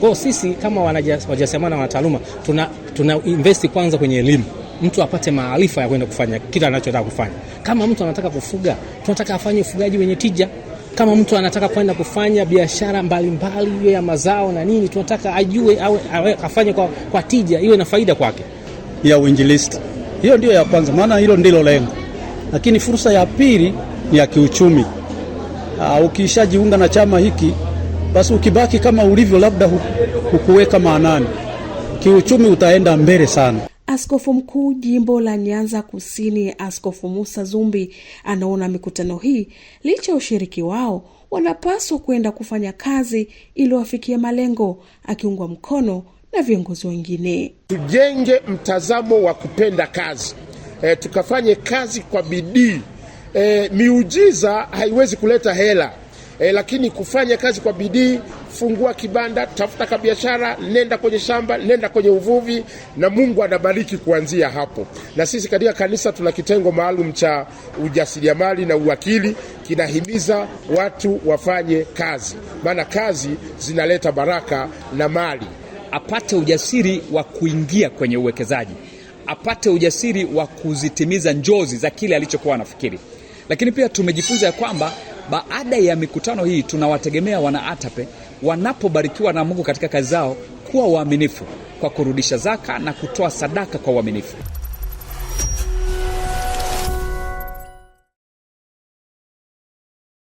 Kwa hiyo sisi kama wajasiriamali na wanataaluma tuna, tuna invest kwanza kwenye elimu mtu apate maarifa ya kwenda kufanya kila anachotaka kufanya. Kama mtu anataka kufuga, tunataka afanye ufugaji wenye tija. Kama mtu anataka kwenda kufanya biashara mbalimbali, hiyo ya mazao na nini, tunataka ajue awe, awe, afanye kwa, kwa tija, iwe na faida kwake. Ya uinjilisti, hiyo ndio ya kwanza, maana hilo ndilo lengo. Lakini fursa ya pili ni ya kiuchumi. Ah, ukishajiunga na chama hiki basi ukibaki kama ulivyo, labda hukuweka maanani, kiuchumi utaenda mbele sana. Askofu mkuu jimbo la Nyanza Kusini, Askofu Musa Zumbi, anaona mikutano hii licha ya ushiriki wao wanapaswa kuenda kufanya kazi ili wafikie malengo, akiungwa mkono na viongozi wengine. Tujenge mtazamo wa kupenda kazi e, tukafanye kazi kwa bidii e, miujiza haiwezi kuleta hela e, lakini kufanya kazi kwa bidii. Fungua kibanda, tafuta ka biashara nenda kwenye shamba, nenda kwenye uvuvi, na Mungu anabariki kuanzia hapo. Na sisi katika kanisa tuna kitengo maalum cha ujasiriamali na uwakili, kinahimiza watu wafanye kazi, maana kazi zinaleta baraka na mali. Apate ujasiri wa kuingia kwenye uwekezaji, apate ujasiri wa kuzitimiza njozi za kile alichokuwa anafikiri. Lakini pia tumejifunza ya kwamba baada ya mikutano hii, tunawategemea wana ATAPE wanapobarikiwa na Mungu katika kazi zao kuwa waaminifu kwa kurudisha zaka na kutoa sadaka kwa uaminifu.